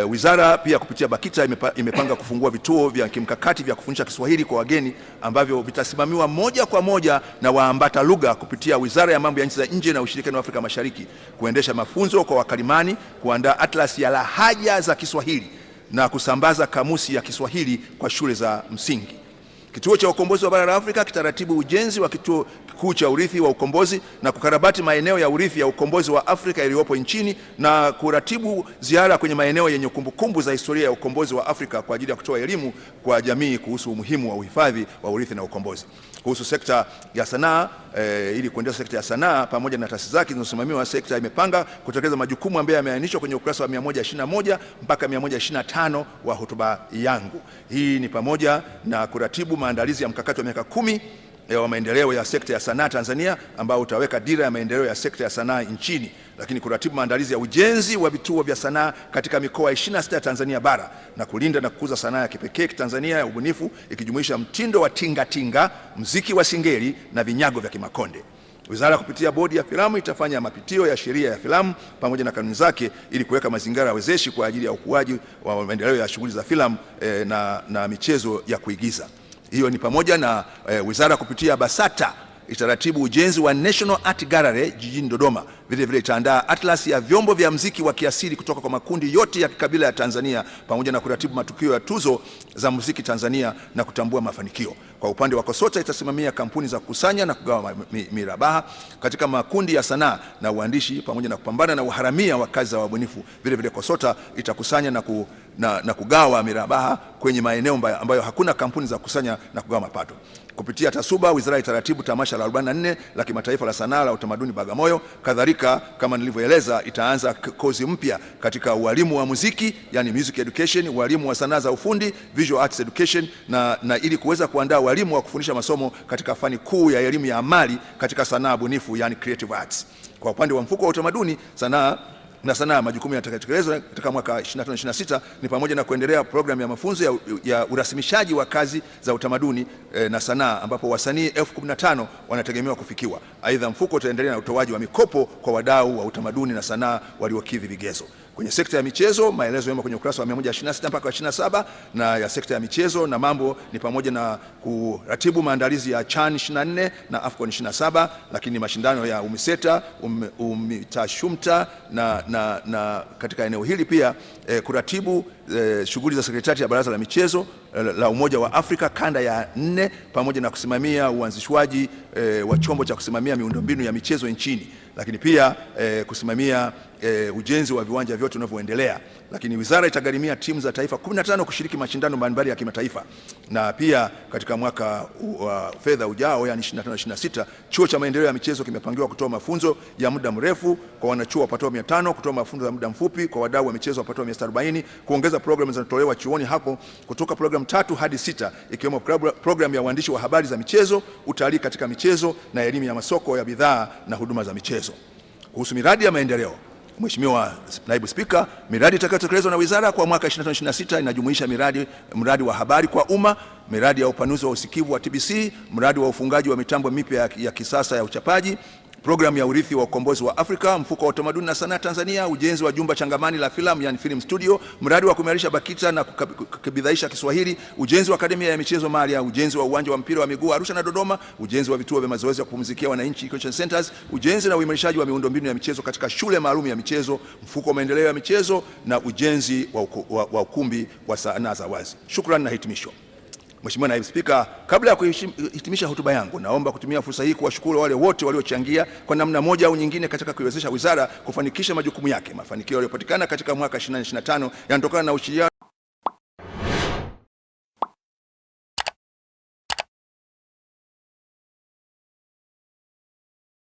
E, wizara pia kupitia BAKITA imepa, imepanga kufungua vituo vya kimkakati vya kufundisha Kiswahili kwa wageni ambavyo vitasimamiwa moja kwa moja na waambata lugha kupitia Wizara ya Mambo ya Nchi za Nje na Ushirikiano wa Afrika Mashariki, kuendesha mafunzo kwa wakalimani, kuandaa atlas ya lahaja za Kiswahili na kusambaza kamusi ya Kiswahili kwa shule za msingi. Kituo cha Ukombozi wa Bara la Afrika kitaratibu ujenzi wa kituo kuu cha urithi wa ukombozi na kukarabati maeneo ya urithi ya ukombozi wa Afrika yaliyopo nchini na kuratibu ziara kwenye maeneo yenye kumbukumbu za historia ya ukombozi wa Afrika kwa ajili ya kutoa elimu kwa jamii kuhusu umuhimu wa uhifadhi wa urithi na ukombozi. Kuhusu sekta ya sanaa eh, ili kuendeleza sekta ya sanaa pamoja na taasisi zake zinazosimamiwa, sekta imepanga kutekeleza majukumu ambayo yameainishwa kwenye ukurasa wa 121 mpaka 125 wa hotuba yangu. Hii ni pamoja na kuratibu maandalizi ya mkakati wa miaka kumi wa maendeleo ya sekta ya sanaa Tanzania ambao utaweka dira ya maendeleo ya sekta ya sanaa nchini, lakini kuratibu maandalizi ya ujenzi wa vituo vya sanaa katika mikoa 26 ya Tanzania bara na kulinda na kukuza sanaa ya kipekee Tanzania ya ubunifu ikijumuisha mtindo wa tingatinga, mziki wa singeli na vinyago vya Kimakonde. Wizara kupitia bodi ya filamu itafanya mapitio ya sheria ya filamu pamoja na kanuni zake ili kuweka mazingira ya wezeshi kwa ajili ya ukuaji wa maendeleo ya shughuli za filamu eh, na, na michezo ya kuigiza. Hiyo ni pamoja na e, wizara kupitia BASATA itaratibu ujenzi wa National Art Gallery jijini Dodoma. Vile vile itaandaa atlas ya vyombo vya mziki wa kiasili kutoka kwa makundi yote ya kikabila ya Tanzania pamoja na kuratibu matukio ya tuzo za muziki Tanzania na kutambua mafanikio. Kwa upande wa KOSOTA itasimamia kampuni za kukusanya na kugawa mirabaha katika makundi ya sanaa na uandishi pamoja na kupambana na uharamia wa kazi za wabunifu. Vile vile KOSOTA itakusanya na, ku, na, na kugawa mirabaha kwenye maeneo ambayo hakuna kampuni za kukusanya na kugawa mapato kupitia TASUBA, wizara ya taratibu, tamasha la 44 la kimataifa la sanaa la utamaduni Bagamoyo. Kadhalika, kama nilivyoeleza, itaanza kozi mpya katika ualimu wa muziki, yani music education, ualimu wa sanaa za ufundi, visual arts education, na, na ili kuweza kuandaa walimu wa kufundisha masomo katika fani kuu ya elimu ya amali katika sanaa bunifu, yani creative arts. Kwa upande wa mfuko wa utamaduni sanaa na sanaa. Majukumu yatakayotekelezwa katika mwaka 25 26 ni pamoja na kuendelea programu ya mafunzo ya, ya urasimishaji wa kazi za utamaduni e, na sanaa ambapo wasanii elfu 15 wanategemewa kufikiwa. Aidha, mfuko utaendelea na utoaji wa mikopo kwa wadau wa utamaduni na sanaa waliokidhi vigezo. Kwenye sekta ya michezo maelezo yamo kwenye ukurasa wa 126 mpaka 27, na ya sekta ya michezo na mambo ni pamoja na kuratibu maandalizi ya CHAN 24 na AFCON 27, lakini mashindano ya UMISETA um, UMITASHUMTA na, na, na katika eneo hili pia eh, kuratibu eh, shughuli za sekretariati ya Baraza la Michezo eh, la, la Umoja wa Afrika kanda ya nne pamoja na kusimamia uanzishwaji eh, wa chombo cha kusimamia miundombinu ya michezo nchini, lakini pia eh, kusimamia eh, ujenzi wa viwanja vyote unavyoendelea. Lakini wizara itagharimia timu za taifa 15 kushiriki mashindano mbalimbali ya kimataifa, na pia katika mwaka wa fedha ujao, yani 25 26, chuo cha maendeleo ya michezo kimepangiwa kutoa mafunzo ya muda mrefu kwa wanachuo wapatao 500, kutoa mafunzo ya muda mfupi kwa wadau wa michezo wapatao 140, kuongeza kuendeleza programu zinazotolewa chuoni hapo kutoka programu tatu hadi sita ikiwemo programu ya uandishi wa habari za michezo, utalii katika michezo na elimu ya masoko ya bidhaa na huduma za michezo. Kuhusu miradi ya maendeleo, Mheshimiwa Naibu Spika, miradi itakayotekelezwa na wizara kwa mwaka 2026 inajumuisha miradi mradi wa habari kwa umma, miradi ya upanuzi wa usikivu wa TBC, mradi wa ufungaji wa mitambo mipya ya kisasa ya uchapaji, programu ya urithi wa ukombozi wa Afrika, mfuko wa utamaduni na sanaa Tanzania, ujenzi wa jumba changamani la filamu yani film studio, mradi wa kuimarisha BAKITA na kukibidhaisha Kiswahili, ujenzi wa akademia ya michezo Maria, ujenzi wa uwanja wa mpira wa miguu Arusha na Dodoma, ujenzi wa vituo vya mazoezi ya kupumzikia wananchi convention centers, ujenzi na uimarishaji wa miundombinu ya michezo katika shule maalum ya michezo, mfuko wa maendeleo ya michezo na ujenzi wa ukumbi wa sanaa za wazi. Shukrani na hitimisho. Mheshimiwa Naibu Spika, kabla ya kuhitimisha hotuba yangu, naomba kutumia fursa hii kuwashukuru wale wote waliochangia kwa namna moja au nyingine katika kuiwezesha wizara kufanikisha majukumu yake. Mafanikio yaliyopatikana katika mwaka 2025 yanatokana na ushirikiano